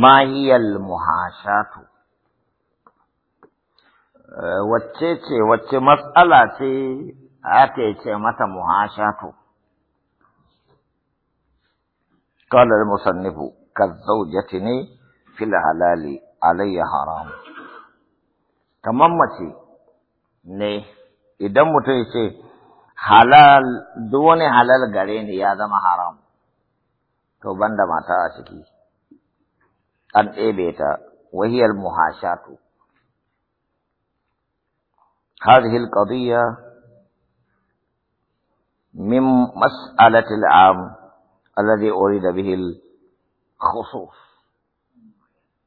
ma hiyal muhashatu wacce ce wacce matsala ce aka ce mata muhashatu قال المصنف كالزوجة في halali علي حرام kaman mace ne idan mutum ya ce halal duk wani halal gare ni ya zama haram to banda mata a ciki ان اے بیٹا وہی المحاشا تو حد ہل مم مس العام الذي اريد به الخصوص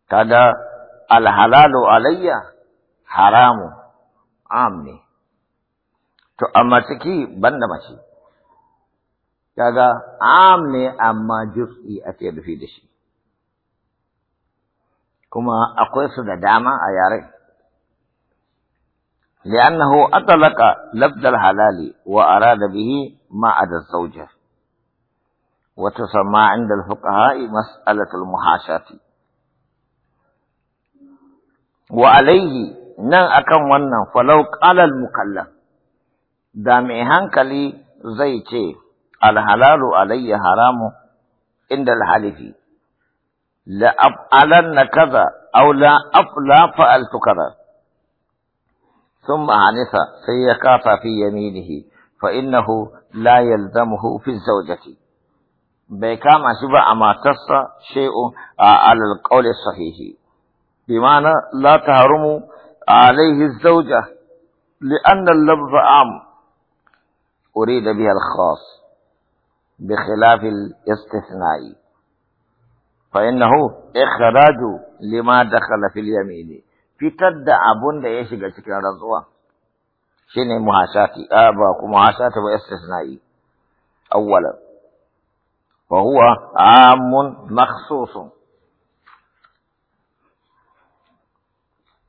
كذا الحلال علي حرام عامي تو اما تكي بند ماشي كذا عامي اما جزئي اتي بفيدشي كما akwai su da dama لأنه أطلق لفظ الحلال وأراد به ما عدا الزوجة وتسمى عند الفقهاء مسألة المحاشاة وعليه نن أكم ونن فلو قال المكلف دامي هنكلي زيتي الحلال علي حرام عند الحلفي لأفعلن كذا أو لا لا فعلت كذا ثم عنف سيكاف في يمينه فإنه لا يلزمه في الزوجة بكام شبع ما تصى شيء على القول الصحيح بمعنى لا تهرم عليه الزوجة لأن اللفظ عام أريد بها الخاص بخلاف الاستثناء فإنه إخراج لما دخل في اليمين تد أبون دا يشيغ شكرا رضوا شيني محاساتي آبا محاساتي واستثنائي أولا وهو عام مخصوص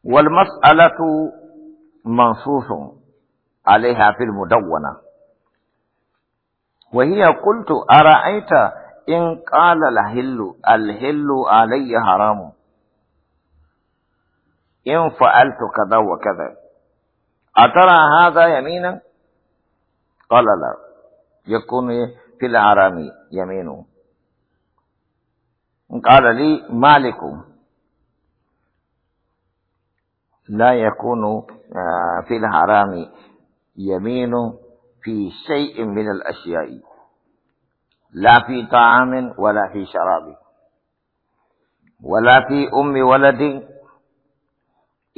والمسألة منصوص عليها في المدونة وهي قلت أرأيت إن قال الهل الهل علي حرام إن فعلت كذا وكذا أترى هذا يمينا قال لا يكون في الحرام يمينه قال لي مالك لا يكون آه، في الحرام يمين في شيء من الأشياء لا في طعام ولا في شراب ولا في أم ولد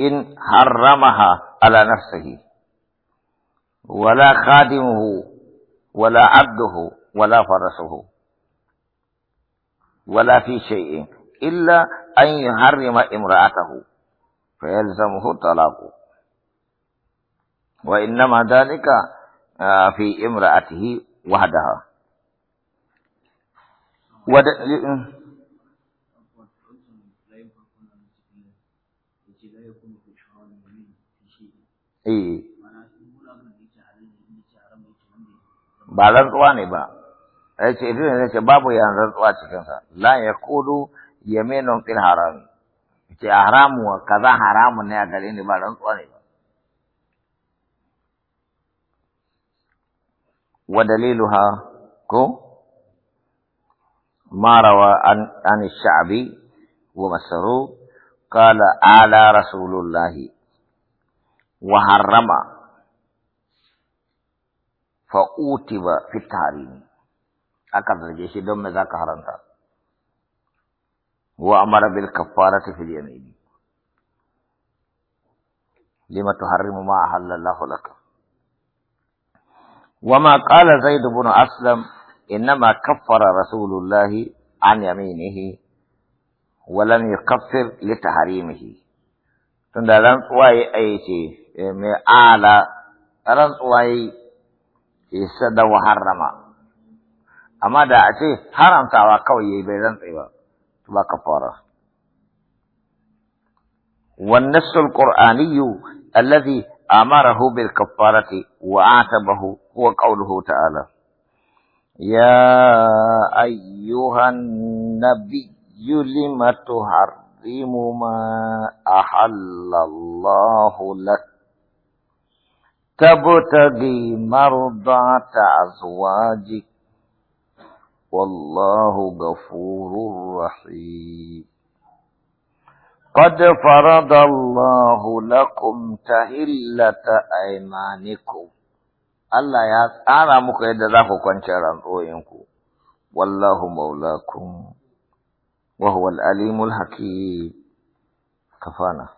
إن حرمها على نفسه ولا خادمه ولا عبده ولا فرسه ولا في شيء إلا أن يحرم امرأته فيلزمه الطلاق وإنما ذلك آه، في امرأته وحدها wada eh, eh. eh ba rantsuwa ne ba ya ce idan ne ce babu yan rantsuwa cikin sa la yaqulu yaminun fil haram ce haramu wa kaza haramun ne a gare ni ba rantsuwa ne ba wa daliluha ko ما روى عن, عن الشعبي ومسروق قال على رسول الله وحرم فأوتب في التحريم أكثر الجيش دم ذاك هرنتا وأمر بالكفارة في اليمين لما تحرم ما أحل الله لك وما قال زيد بن أسلم انما كفر رسول الله عن يمينه ولم يكفر لتحريمه تندا رنصواي اي شيء مي اعلى رنصواي يسد وحرم اما دا اتي حرم تاوى قوي بيزن طيبا تبا كفارة والنص القرآني الذي امره بالكفارة وعاتبه هو قوله تعالى يا أيها النبي لم تحرم ما أحل الله لك تبتغي مرضعة أزواجك والله غفور رحيم قد فرض الله لكم تهلة أيمانكم Allah ya tsara muku yadda za ku kwanci rantsoyinku. Wallahu maulakum wa huwa al-alimul hakim. Kafana.